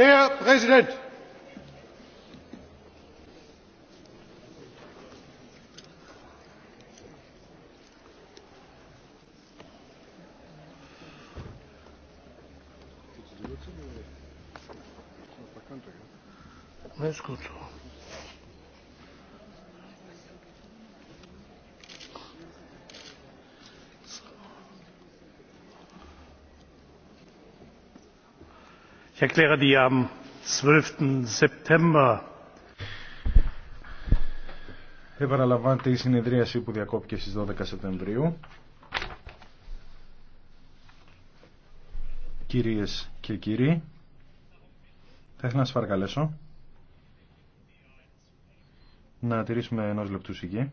Der Präsident! Ne skutu? ich erkläre die 12. September. Επαναλαμβάνεται η συνεδρίαση που διακόπηκε στις 12 Σεπτεμβρίου. Κυρίες και κύριοι, θα ήθελα να σα παρακαλέσω να τηρήσουμε ενό λεπτού σιγή.